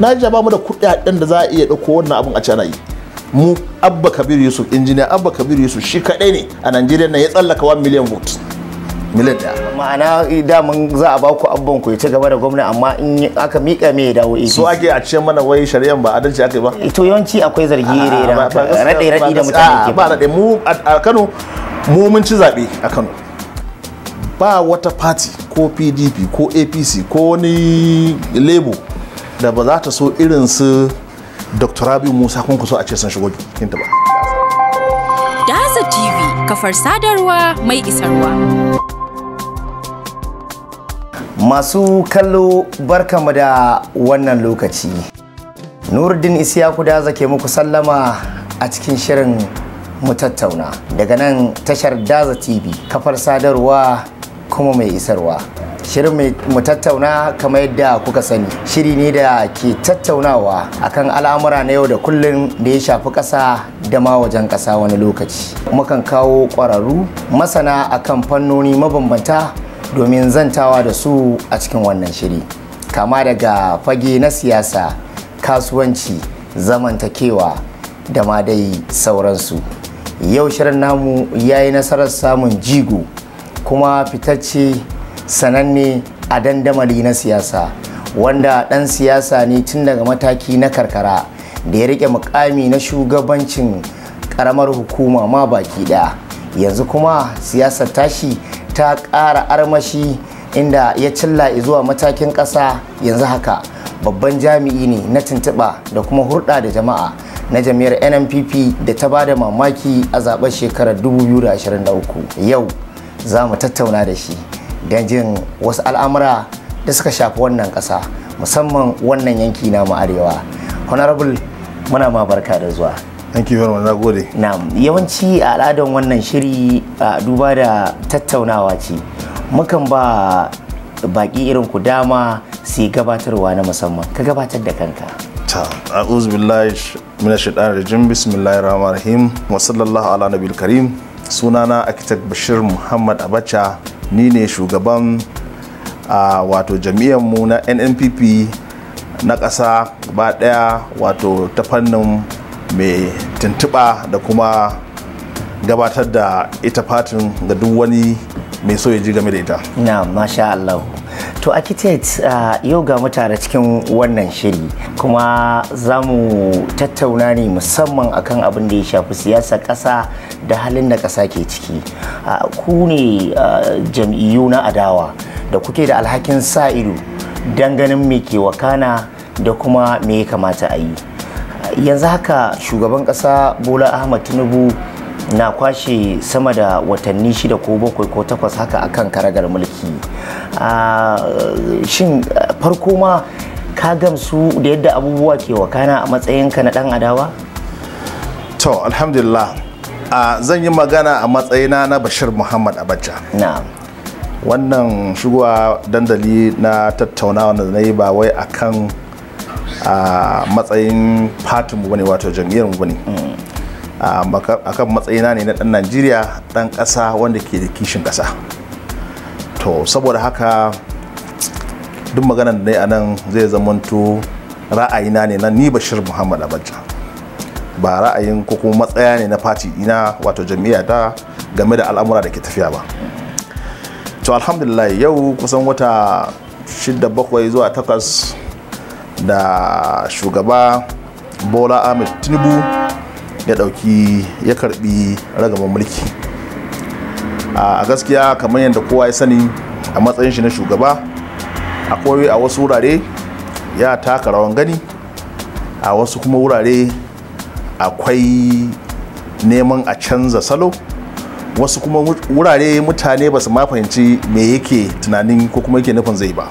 Najeriya ba mu da kuɗaɗen da za a iya dauko wannan abin a cana yi. Mu Abba Kabiru Yusuf injiniya Abba Kabiru Yusuf shi kadai ne a Najeriya na ya tsallaka 1 million votes. miliyan ɗaya. ma'ana eh, mun za a baku abban ku ya ci gaba da gwamna amma in aka miƙa me ya dawo so ake a ce mana wai shari'an ba adalci aka yi ba. Eh, to yawanci akwai zargi iri da rade rade da mutane ke ba rade mu a kano mu mun ci zaɓe a kano. ba wata fati ko pdp ko apc ko wani labour da ba za ta so irin su dr rabiu musa kun so a ce sun shigo ba Daza TV kafar sadarwa mai isarwa. Masu kallo barkamu da wannan lokaci. Nuruddin ya Daza ke muku sallama a cikin shirin mu tattauna daga nan tashar Daza TV kafar sadarwa kuma mai isarwa. shirin mu tattauna kamar yadda kuka sani shiri ne da ke tattaunawa akan al'amura na yau da kullun da ya shafi ƙasa da ma wajen ƙasa wani lokaci mukan kawo ƙwararru masana akan fannoni mabambanta domin zantawa da su a cikin wannan shiri kama daga fage na siyasa kasuwanci zamantakewa da ma dai sauransu yau shirin namu ya yi nasarar samun jigo kuma fitacce sananne a dandamali na siyasa wanda ɗan siyasa ne tun daga mataki na karkara da ya rike mukami na shugabancin karamar hukuma ma baki ɗaya yanzu kuma siyasar tashi ta ƙara armashi inda ya cilla zuwa matakin ƙasa yanzu haka babban jami'i ne na tuntuɓa da kuma hurɗa da jama'a na jami'ar nnpp da ta ba da mamaki a zaɓen shekarar 2023 yau za mu tattauna da shi don jin wasu al'amura da suka shafi wannan ƙasa musamman wannan yanki na mu arewa honorable muna ma barka da zuwa thank you very much gode na'am yawanci a al'adar wannan shiri a duba da tattaunawa ce mukan ba baki irin ku dama sai gabatarwa na musamman ka gabatar da kanka ta a'udhu billahi minash shaitanir rajim bismillahir rahmanir rahim wa sallallahu ala nabil karim sunana architect bashir muhammad abacha ni ne shugaban a wato mu na nnpp na ƙasa ba ɗaya wato ta fannin mai tuntuɓa da kuma gabatar da ita fatin ga duk wani mai so ya ji game da ita na masha Allah To architect uh, yau ga mutane cikin wannan shiri kuma za mu tattauna ne musamman akan abin da ya shafi siyasar ƙasa da halin da ƙasa ke ciki. Uh, ku ne uh, jam'iyyu na adawa da kuke da alhakin sa ido don ganin me ke wakana da kuma me ya kamata a yi. Yanzu haka shugaban ƙasa Bola Ahmad Tinubu na kwashe sama da watanni shida ko bakwai ko takwas haka akan karagar mulki. shin farko ma ka gamsu da yadda abubuwa ke wakana a matsayinka na dan adawa to alhamdulillah zan yi magana a matsayina na bashir muhammad abacha wannan shigowa dandali na tattaunawa da na yi ba wai a kan matsayin fatinmu bane wato jam'iyyarmu bane mm. a kan matsayina ne na dan najeriya dan ƙasa wanda ke da kishin ƙasa to saboda haka duk maganan da a nan zai zamanto ra'ayina ne na ni bashir muhammad abacha ba ra'ayin ko kuma matsaya ne na fati ina wato jam'i'a ta game da al'amura da ke tafiya ba to alhamdulillah yau kusan wata shida bakwai zuwa takwas da shugaba bola ahmed tinubu ya dauki ya karbi ragaman mulki a gaskiya kamar yadda kowa ya sani a matsayin shi na shugaba akwai a wasu wurare ya taka rawan gani a wasu kuma wurare akwai neman a canza salo wasu kuma wurare mutane ba su ma fahimci me yake tunanin ko kuma yake nufin zai ba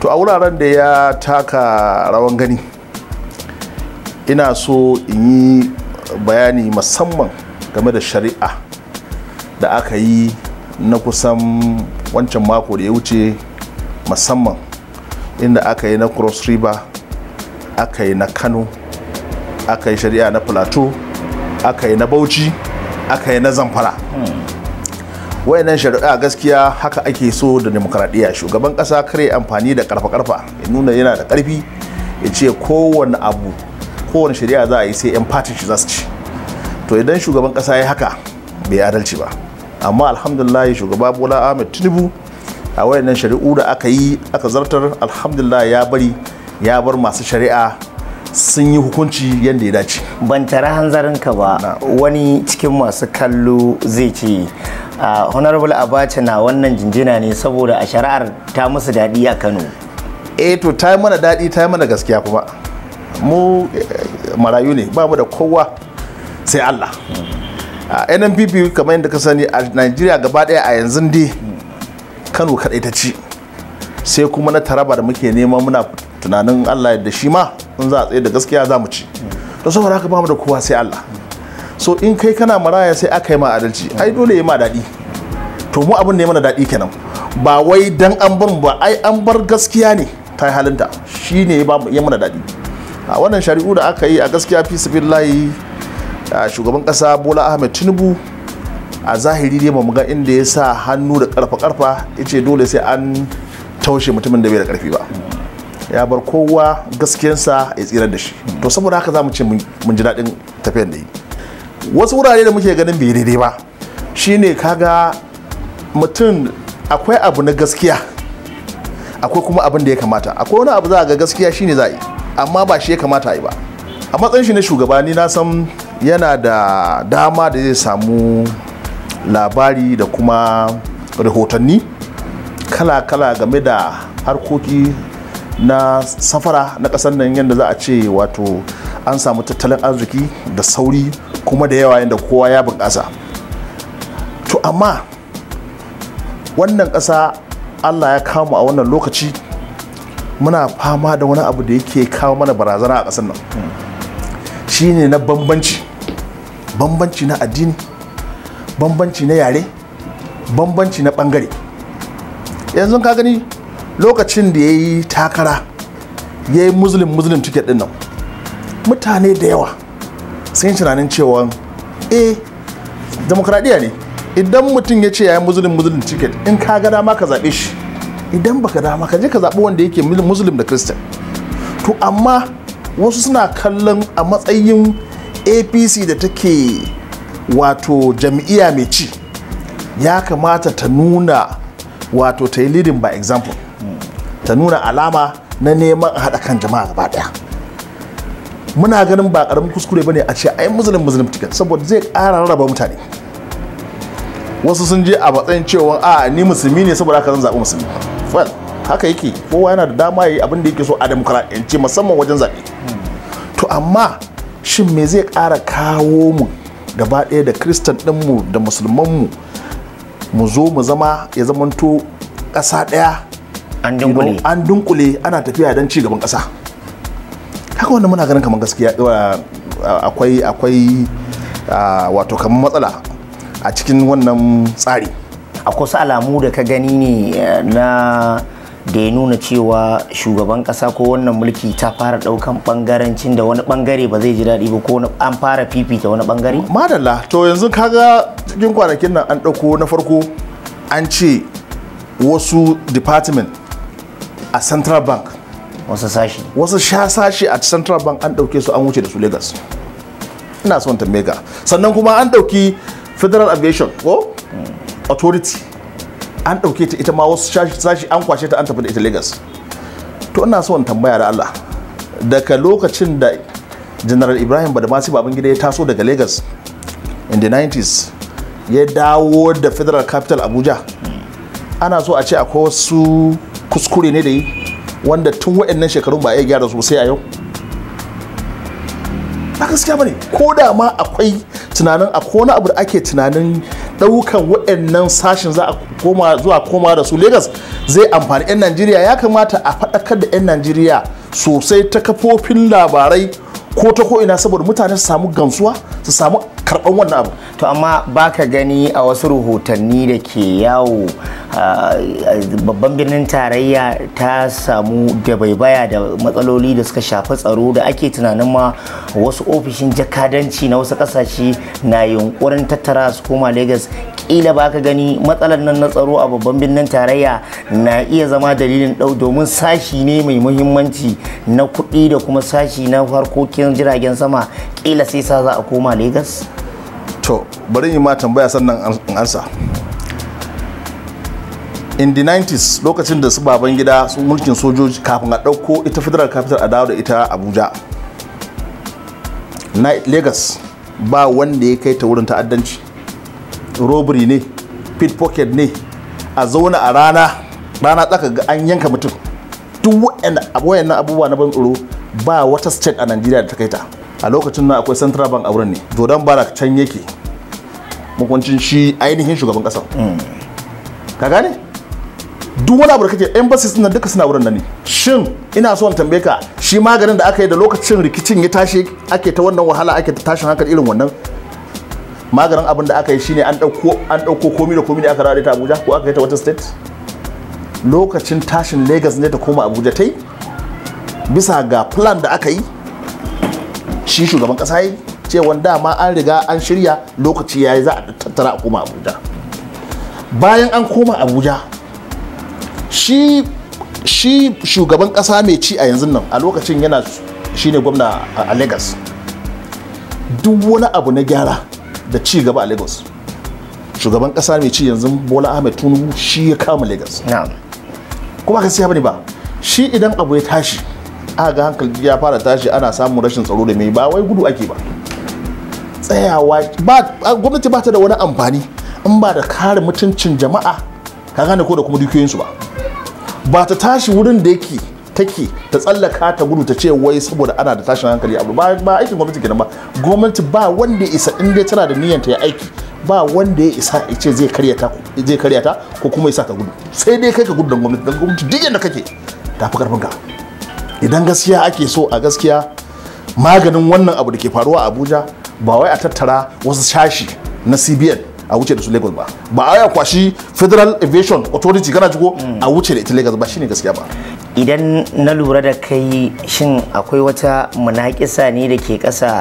to a wuraren da ya taka rawan gani ina so in yi bayani musamman game da shari'a da aka yi na kusan wancan mako da ya wuce musamman inda aka yi na cross river aka yi na kano aka yi shari'a na plateau aka yi na bauchi aka yi na zamfara wayannan shari'a gaskiya haka ake so da demokradiyya shugaban kasa kare amfani da karfa-karfa ya nuna yana da karfi ya ce kowane abu kowane shari'a za a yi sai 'yan party shi za su ci to idan shugaban kasa ya haka bai adalci ba amma alhamdulillah shugaba bola ahmed tinubu a wayannan shari'u da aka yi aka zartar alhamdulillah ya bari ya bar masu shari'a sun yi hukunci yadda ya dace ban tara ka ba wani cikin masu kallo zai ce ah, honorable abacha na wannan jinjina ne saboda a shari'ar ta musu daɗi a kano e to ta yi mana daɗi ta yi mana gaskiya kuma mu eh, marayu ne ba mu da kowa sai allah mm. a nnpp kamar yadda ka sani a nigeria gaba daya a yanzu dai kano kaɗai ta ci sai kuma na taraba da muke nema muna tunanin allah da shi ma in za a tsaye da gaskiya za mu ci da saboda haka bamu da kowa sai allah so in kai kana maraya sai aka yi ma adalci ai dole ya ma daɗi to mu abin ne mana daɗi kenan ba wai dan an bar ba ai an bar gaskiya ne ta halinta shi shine ya mana daɗi a wannan shari'u da aka yi a gaskiya fi sabilillahi shugaban kasa bola ahmed tinubu a zahiri dai mu ga inda ya sa hannu da karfa karfa ya ce dole sai an taushe mutumin da bai da karfi ba ya bar kowa gaskiyansa ya tsira da shi to saboda haka za mu ce mun ji daɗin tafiyar da yi wasu wurare da muke ganin bai daidai ba shine kaga mutum akwai abu na gaskiya akwai kuma abin da ya kamata akwai wani abu za a ga gaskiya shine za a yi amma ba shi ya kamata a yi ba a matsayin shi na shugaba ni na san yana da dama da zai samu labari da kuma rahotanni kala-kala game da harkoki na safara na kasar nan yadda za a ce wato an samu tattalin arziki da sauri kuma da yawa yadda kowa ya bunƙasa to amma wannan ƙasa allah ya kama a wannan lokaci muna fama da wani abu da yake kawo mana barazana a ƙasar nan shine na bambanci bambanci na addini bambanci na yare bambanci na bangare yanzu ka gani lokacin da ya yi takara ya yi muslim muslim ticket din nan mutane da yawa sun yi tunanin cewa eh demokradiyya ne idan mutum ya ce ya yi muslim muslim ticket in ka ga dama ka zaɓe shi idan baka dama ka je ka zaɓi wanda yake muslim da christian to amma wasu suna kallon a matsayin apc da take wato jam'iyya mai ci ya kamata ta nuna wato ta yi leading by example ta nuna alama na neman a haɗa kan jama'a gaba ɗaya muna ganin ba ƙaramin kuskure bane a ce ai muslim muslim ticket saboda zai ƙara rarraba mutane wasu sun je a matsayin cewa a ni musulmi ne saboda haka zan zaɓi musulmi well haka yake kowa yana da dama yi abin da yake so a demokradiyance musamman wajen zaɓe to amma shin me zai ƙara kawo mu gaba ɗaya da kristan ɗinmu da musulman mu zo mu zama ya zamanto ƙasa ɗaya an dunkule ana tafiya don ci gaban ƙasa haka wanda muna ganin kamar gaskiya eh, akwai akwai ah, wato kamar matsala a cikin wannan tsari akwai alamu da ka gani ne eh, na da ya nuna cewa shugaban kasa ko wannan mulki ta fara daukan bangarancin da wani bangare ba zai ji daɗi ba ko an fara fifita wani bangare? madalla to yanzu kaga cikin kwanakin nan an ɗauko na farko an ce wasu department a central bank wasu sashi wasu sha sashi a central bank an ɗauke su an wuce da su lagos ina son ta mega sannan kuma an ɗauki federal aviation ko authority an ɗauke ta ita ma wasu sashi an kwashe ta an tafi da ita Legas. to ina so in tambaya da Allah daga lokacin da General Ibrahim Badamasi gida ya taso daga Legas in the 90s ya dawo da Federal Capital Abuja ana so a ce akwai wasu kuskure ne da yi wanda tun waɗannan shekarun ba ya gyara sosai a yau ba gaskiya bane ko da ma akwai tunanin akwai wani abu da ake tunanin ɗaukan waɗannan sashen za a koma zuwa koma da su Legas zai amfani 'yan Najeriya ya kamata a faɗakar da 'yan Najeriya sosai ta kafofin labarai ko ta ko'ina saboda mutane su samu gamsuwa su samu karban wannan abu to amma baka gani a wasu rahotanni da ke yawo ah, babban birnin tarayya ta samu da baibaya da matsaloli da suka shafi tsaro da ake tunanin ma wasu ofishin jakadanci na wasu kasashe na yunkurin tattara su koma lagos kila baka gani matsalar nan na tsaro a babban birnin tarayya na iya zama dalilin dau domin sashi ne mai muhimmanci na kuɗi da kuma sashi na harkokin jiragen sama kila sai sa za a koma lagos to bari yi ma tambaya sannan in ansa in the 90s lokacin da su baban gida su mulkin sojoji kafin a ɗauko ita federal capital a dawo da ita abuja na lagos ba wanda ya kai ta wurin ta'addanci robbery ne pit pocket ne a zauna a rana rana tsaka ga an yanka mutum duk wayannan abubuwa na ban tsoro ba wata state a najeriya da ta kai ta a lokacin nan akwai central bank a wurin ne jordan barak can yake Mukuncin shi ainihin shugaban kasar hmm. ka gane duk wani abu da kake embassies nan duka suna wurin nan ne shin ina so in tambaye ka shi maganin da aka yi da lokacin rikicin ya tashi ake ta wannan wahala ake ta tashin hankali irin wannan maganin abin da aka yi shine an dauko an dauko komi da komi da aka rarrata Abuja ko aka yi ta wata state lokacin tashin Lagos ne ta koma Abuja tai bisa ga plan da aka yi shi shugaban kasa yi cewa dama an riga an shirya lokaci ya yi za a tattara a koma abuja bayan an koma abuja shi shi shugaban kasa mai ci a yanzu nan a lokacin yana shi ne gwamna a Legas. duk wani abu na gyara da ci gaba a Legas, shugaban kasa mai ci yanzu bola ahmed Tunubu, shi ya kama lagos kuma ka siya ba ne ba shi idan abu ya tashi A ga hankali ya fara tashi ana samun rashin tsaro da mai ba wai gudu ake ba tsayawa ba gwamnati ba ta da wani amfani in ba da kare mutuncin jama'a ka gane ko da kuma dukiyoyinsu ba ba ta tashi wurin da yake take ta tsallaka ta gudu ta ce wai saboda ana da tashin hankali abu ba ba aikin gwamnati kenan ba gwamnati ba wanda isa in dai tana da niyyar ta ya aiki ba wanda ya isa ya ce zai karya ta zai karya ta ko kuma ya sa ta gudu sai dai kai ka gudu da gwamnati da gwamnati duk yadda kake tafi karfin ka idan gaskiya ake so a gaskiya maganin wannan abu da ke faruwa a abuja ba wai a tattara wasu shashi na cbn a wuce da su lagos ba ba a kwashi federal aviation authority kana jiko a wuce da ita lagos ba shine gaskiya ba idan na lura da kai shin akwai wata munakisa ne da ke ƙasa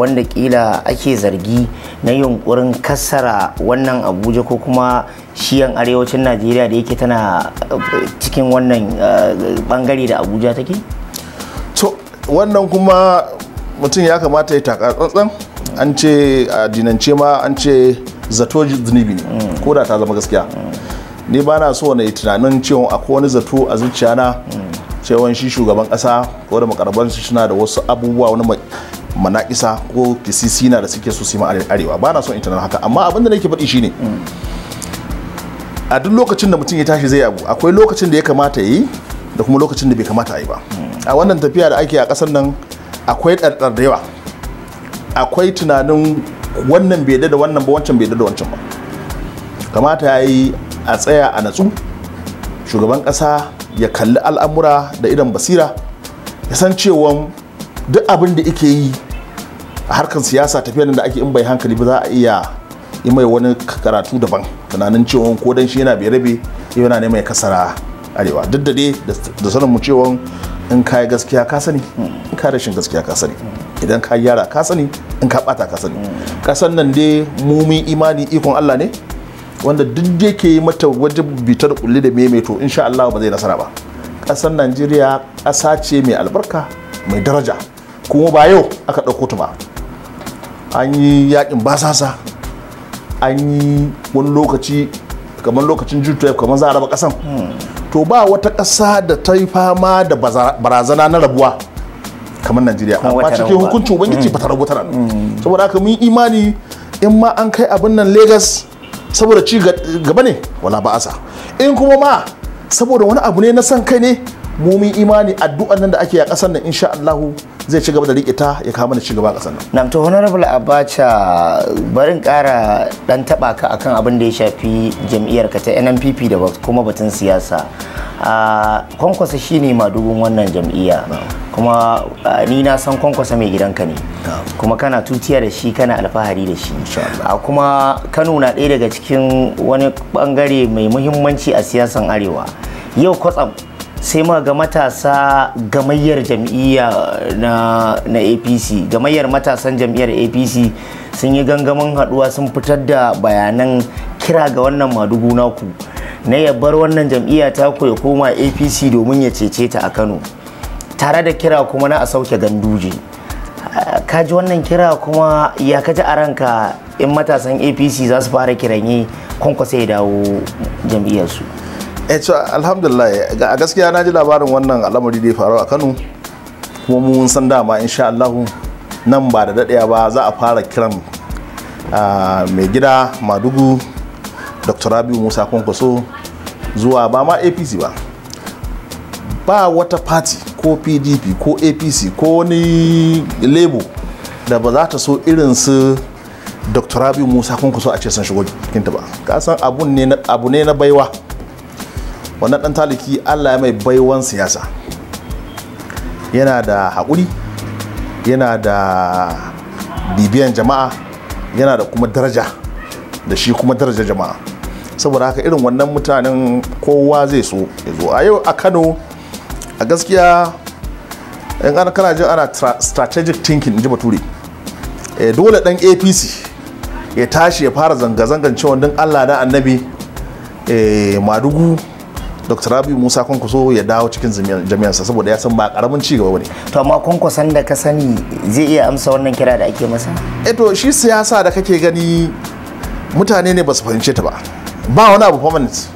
wanda kila ake zargi na yunkurin kassara wannan abuja ko kuma shiyan arewacin najeriya da yake tana eh, cikin wannan eh, bangare da abuja take wannan kuma mutum ya kamata ya taka tsantsan an ce a dinance ma an ce zato zunubi ne ko da ta zama gaskiya ni ba na so na yi tunanin cewa akwai wani zato a na cewa shi shugaban kasa ko da makarabar su suna da wasu abubuwa wani manakisa ko kisisi na da suke so su arewa ba na so haka amma abin da nake faɗi shine a duk lokacin da mutum ya tashi zai abu akwai lokacin da ya kamata ya yi da kuma lokacin da bai kamata a yi ba a wannan tafiya da ake a kasar nan akwai ɗarɗar da yawa akwai tunanin wannan bai da wannan ba wancan bai da wancan ba kamata ya yi a tsaya a natsu shugaban ƙasa ya kalli al'amura da idan basira ya san cewa duk abin da ike yi a harkar siyasa tafiya da ake in bai hankali ba za a iya yi mai wani karatu daban tunanin cewa ko dan shi yana bai rabe yana neman mai kasara arewa duk da dai da sanin mu cewa in ka yi gaskiya ka sani in ka rashin gaskiya ka sani idan ka yara ka sani in ka bata ka sani kasan nan dai mumin imani ikon Allah ne wanda duk da yake yi mata wajen bitar kulli da maimaito insha Allah ba zai nasara ba kasan Najeriya ƙasa ce mai albarka mai daraja kuma ba yau aka ɗauko ta ba an yi yakin basasa an yi wani lokaci kamar lokacin jutuyar kamar za a raba ƙasan to ba wata ƙasa da ta yi fama da barazana na rabuwa kamar najeriya amma cikin hukuncin ubangiji mm. ba ta rabu tana mm. saboda haka mun imani in ma an kai abin nan lagos saboda ci gaba ne wala ba asa in kuma ma saboda wani abu ne na san kai ne mu mun imani addu'an nan da ake a ƙasar nan insha allahu zai ci gaba da riƙe ta ya kawo mana ci gaba a ƙasar nan. to honorable abacha barin ƙara ɗan taɓa ka akan abin da ya shafi jam'iyyar ka ta nnpp da kuma batun siyasa a kwankwasa shine madugun wannan jam'iyya kuma ni na san kwankwasa mai gidanka ne kuma kana tutiya da shi kana alfahari da shi a kuma kano na ɗaya daga cikin wani bangare mai muhimmanci a siyasan arewa yau kwatsam sai ma ga matasa gamayyar jam'iyya na, apc gamayyar matasan jam'iyyar apc sun yi gangamin haduwa sun fitar da bayanan kira ga wannan madugu naku na ya bar wannan jam'iyya ta ya koma apc domin ya cece ta a kano tare da kira kuma na a sauke ganduje ka ji wannan kira kuma ya kaji a ranka in matasan apc za su fara kiranye kwankwasa ya dawo jam'iyyarsu eh to alhamdulillah a gaskiya na ji labarin wannan al'amari da ya faru a Kano kuma mun san dama insha Allah nan ba da daɗaya ba za a fara kiran mai gida madugu dr rabiu musa kwankwaso zuwa ba ma apc ba ba wata party ko pdp ko apc ko wani lebo da ba za ta so irin su dr rabiu musa kwankwaso a ce san shigo kinta ba kasan abu ne na baiwa wannan dan taliki allah ya mai baiwan siyasa yana da haƙuri yana da bibiyan jama'a yana da kuma daraja da shi kuma daraja jama'a saboda haka irin wannan mutanen kowa zai so ya zo a yau a kano a gaskiya in ana kana jin ana strategic thinking ji bature eh, dole dan apc ya tashi ya fara zanga-zangan cewa don allah na annabi eh, madugu dr rabiu musa kwankwaso ya dawo cikin jami'ansa saboda ya san ba karamin ci gaba ne to amma kwankwason da ka sani zai iya amsa wannan kira da ake masa eh to shi siyasa da kake gani mutane ne ba su fahimce ta ba ba wani abu permanent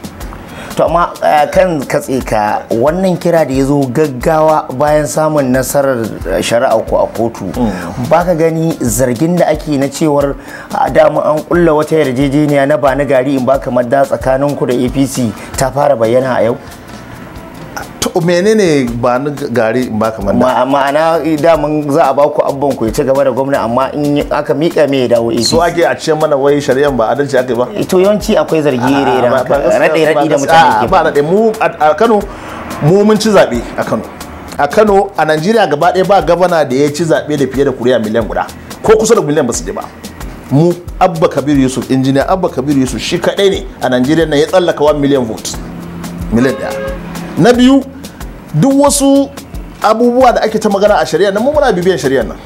to amma eh, kan katse ka wannan kira da ya zo gaggawa bayan samun nasarar eh, shari'a ku a kotu mm. ba ka gani zargin da ake na cewar dama an kulla wata yarjejeniya na ba na gari in ba kamar da tsakanin ku da apc ta fara bayyana a yau to menene ba ni gari ba kamar da ma'ana eh, daman za a baku abban ku ci gaba da gwamna amma in aka mika me dawo APC so ake a ce mana wai shari'an ba adalci ake ba eh, to yawanci akwai zargi ire da rade rade da mutane ke ba rade mu a Kano mu mun ci zabe a Kano a Kano a Najeriya gaba ɗaya ba gabana da ya ci zabe da fiye da kuriya miliyan guda ko kusa da miliyan ba su je ba mu abba kabiru yusuf injiniya abba kabiru yusuf shi kadai ne a najeriya na ya tsallaka 1 million votes miliyan daya na biyu duk wasu abubuwa da ake ta magana a shari'a nan mu muna bibiyan shari'a nan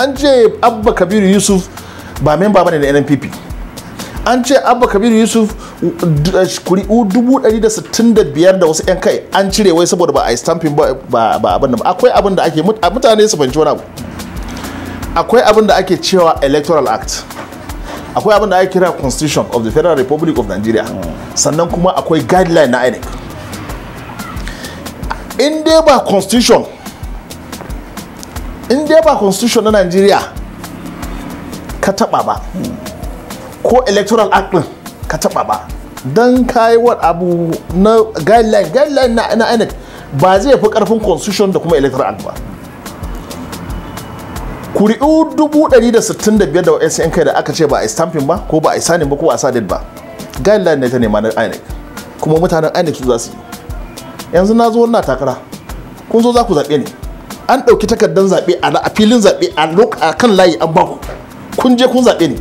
an ce abba kabiru yusuf ba memba bane na nnpp an ce abba kabiru yusuf eh, kuri'u 165 da wasu 'yan kai an cire wai saboda ba a yi stamping ba abin da ba akwai abin da ake mutane su fahimci wani abu akwai abin da ake cewa electoral act akwai abin da ake kira constitution of the federal republic of nigeria mm. sannan kuma akwai guideline na inec in dai ba constitution in dai ba constitution na nigeria ka taba ba ko electoral act din ka taba ba don kayi wat abu na guideline guideline na INEC ba zai fi karfin constitution da kuma electoral act ba kuri'u 165 da wasu yan kai da aka ce ba a stamping ba ko ba a sanin ba ko ba a sadid ba guideline ne ta nema na INEC kuma mutanen INEC su za su yi yanzu na zo na takara kun zo za ku zaɓe ne an ɗauki takardar zaɓe a filin zaɓe a kan layi an ba ku. kun je kun zaɓe ne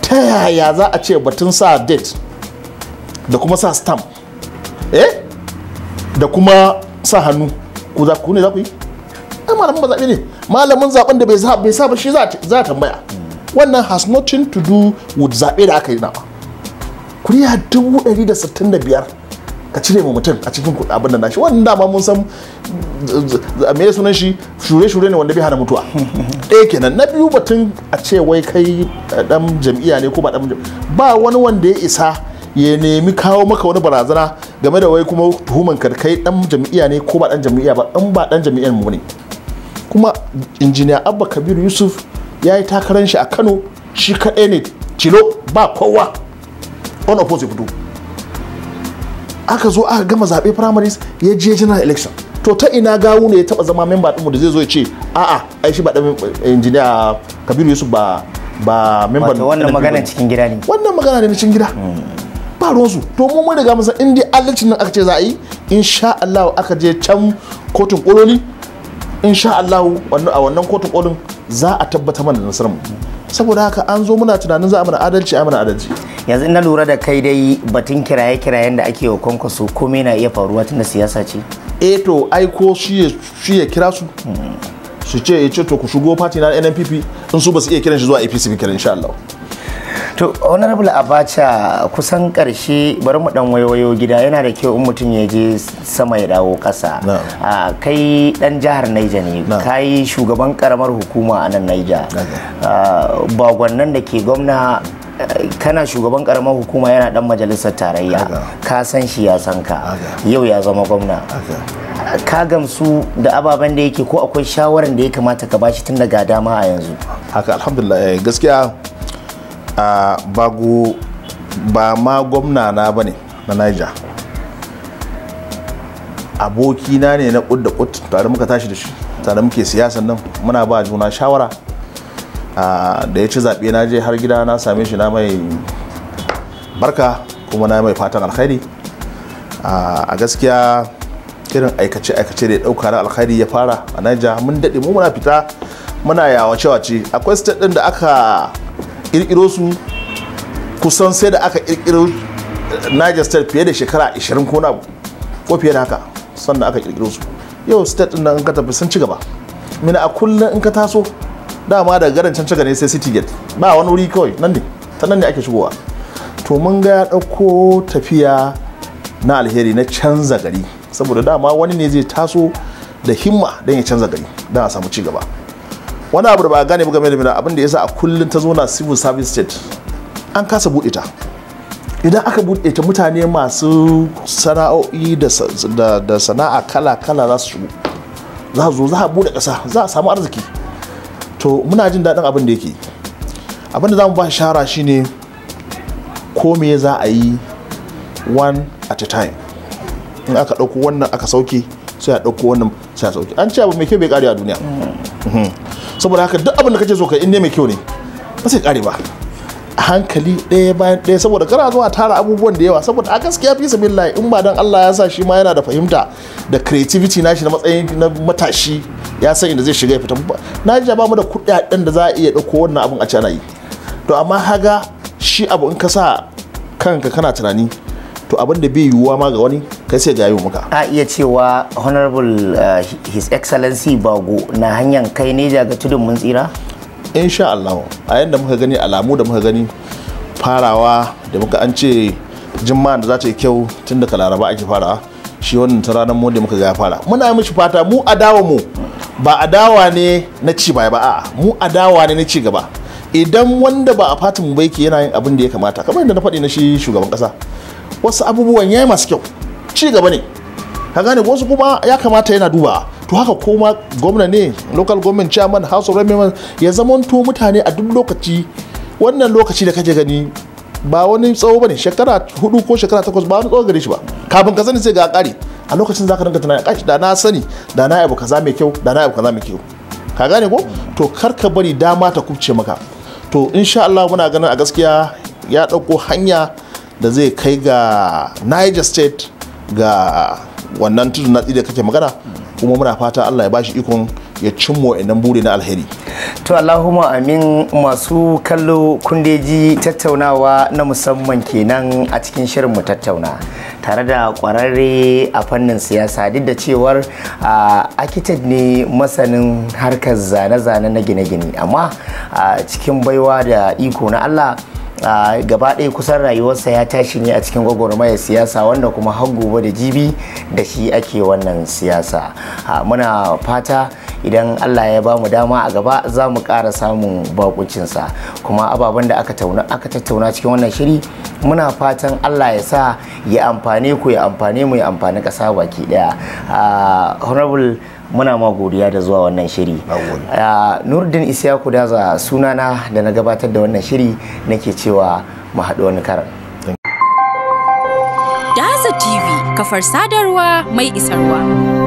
ta yaya za a ce batun sa date da kuma sa stamp eh da kuma sa hannu ku za ku ne za ku yi ai malamin ba zaɓe ne malamin zaɓen da bai sa ba shi za a tambaya wannan has nothing to do with zaɓe da aka yi na kuriya dubu ɗari da sittin da biyar ka cire mu mutum a cikin kuɗa abin da nashi wannan dama mun san me ya sunan shi shure-shure ne wanda bai hana mutuwa ɗaya kenan na biyu batun a ce wai kai eh, ɗan jam'iyya ne ko ba ɗan ba wani wanda ya isa ya nemi kawo maka wani barazana game da wai kuma tuhuman ka kai ɗan jam'iyya ne ko ba ɗan jam'iyya ba dan ba dan jam'iyyar mu ne kuma injiniya abba kabiru yusuf ya yi takarar shi a kano shi kaɗai ne cilo ba kowa on opposite fito aka zo aka gama zaɓe primaries ya je general election to ta ina gawo ne ya taba zama memba ɗinmu da zai zo ya ce a'a ai shi ba ɗan eh, injiniya kabiru yusuf ba ba memba wato wannan magana cikin gida ne wannan magana ne na cikin gida hmm. ba su. to mu mun riga mun san in dai adalcin nan aka ce za a yi insha Allah aka je can kotun kololi insha Allah a wannan kotun kolin za a tabbatar mana nasarar mu saboda haka an zo muna tunanin za a mana adalci a mana adalci yanzu na lura da kai dai batun kiraye-kirayen da ake wa kwankwaso komai na iya faruwa tun da siyasa ce eh to ai ko shi ya kira su hmm. su ce ya ce to ku shigo fati na NNPP in su ba su iya kiran shi zuwa APC bi kiran insha Allah to honorable abacha kusan karshe bari mu dan wayoyo gida yana da kyau in mutum ya je sama ya dawo kasa kai dan jihar naija ne kai shugaban karamar hukuma a nan naija bagwannan da ke gwamna kana shugaban karamar hukuma yana dan majalisar tarayya ka san shi ya san ka yau ya zama gwamna ka gamsu da ababen da yake ko akwai shawaran da ya kamata ka bashi tun daga dama a yanzu haka alhamdulillah eh, gaskiya a bago ba ma gwamna na bane na Niger abokina ne na kudda kut tare muka tashi da shi tare muke siyasan nan muna ba juna shawara da ya ci zaɓe na je har gida na same shi na mai barka kuma na mai fatan alkhairi a gaskiya irin aikace aikace da ya ɗauka na alkhairi ya fara a naija mun daɗe mu muna fita muna yawace wace akwai state ɗin da aka ƙirƙiro su kusan sai da aka ƙirƙiro niger state fiye da shekara 20 ko na ko fiye da haka sannan aka ƙirƙiro su yau state ɗin nan ka tafi sun ci gaba mina a kullum in ka taso dama daga garin can cika ne sai city gate ba wani wuri kawai nan ne ta nan ne ake shigowa to mun ga ya ɗauko tafiya na alheri na canza gari saboda dama wani ne zai taso da himma don ya canza gari don a samu ci gaba wani abu da ba a gane ba game da abin da yasa a kullum ta zo na civil service state an kasa buɗe ta idan aka buɗe ta mutane masu sana'o'i da sana'a kala-kala za su shigo za zo za a buɗe ƙasa za a samu arziki to muna jin daɗin abin da yake abin da za mu ba shara shine ko me za a yi one at a time in aka ɗauko wannan aka sauke sai a ɗauko wannan sai a sauke an ce abu mai kyau bai ƙare a duniya mhm. saboda haka duk abin da kake so ka inda mai kyau ne ba sai ƙare ba a hankali ɗaya bayan ɗaya saboda kana zuwa tara abubuwan da yawa saboda a gaskiya fi sabillahi in ba dan Allah ya sa shi ma yana da fahimta da creativity nashi na matsayin na matashi ya san inda zai shiga ya fita na ji ba mu da kuɗaɗen da za a iya ɗauko wannan abin a ana yi to amma haga shi abu in ka sa kanka kana tunani to abin da bai yiwuwa ma ga wani kai sai ga muka a iya cewa honorable eh, his excellency bago na hanyar kai ne ga tudun mun tsira insha Allah a yanda muka gani alamu da muka gani farawa da muka an ce jimma da za ta yi kyau tun daga laraba ake farawa shi wannan ta ranar mu da muka ga ya fara muna yi mishi fata mu a dawo mu ba adawa ne na ci baya ba a'a mu adawa ne na ci gaba idan wanda ba a fatin mu ba yake yana yin abin da ya kamata kamar yadda na faɗi na shi shugaban ƙasa wasu abubuwan ya yi masu kyau ci gaba ne ka gane wasu kuma ya kamata yana duba to haka kuma gwamna ne local government chairman house of representatives ya zamanto mutane a duk lokaci wannan lokaci da kake gani ba wani tsawo bane shekara hudu ko shekara takwas ba wani tsawo gare shi ba kafin ka sani sai ga ƙari. a lokacin zaka dinga tunanin kai da na sani da na abu kaza mai kyau da na abu kaza mai kyau ka gane ko to kar ka bari dama ta kubce maka to insha Allah muna ganin a gaskiya ya dauko hanya da zai kai ga Niger State ga wannan tudu na da kake magana kuma muna fata Allah ya bashi ikon ya mu wa'annan buri na alheri to allahumma amin masu kallo kundeji tattaunawa na musamman kenan a cikin shirin mu tattauna tare da kwararre a fannin siyasa duk da cewar akitad ne masanin harkar zane-zane na gine-gine amma cikin baiwa da iko na allah gaba ɗaya kusan rayuwarsa ya tashi ne a cikin gwagwarmayar siyasa wanda kuma har gobe da jibi da shi ake wannan siyasa muna fata idan allah ya ba mu dama a gaba za mu ƙara samun bakuncinsa kuma ababen da aka tattauna cikin wannan shiri muna fatan allah ya sa ya amfane ku ya amfane mu ya amfani ƙasa baki ɗaya ah, honorable muna ma godiya da zuwa wannan shiri ah, nurdin isiyaku daza sunana da na gabatar da wannan shiri nake cewa mu haɗu wani karan daza tv kafar sadarwa mai isarwa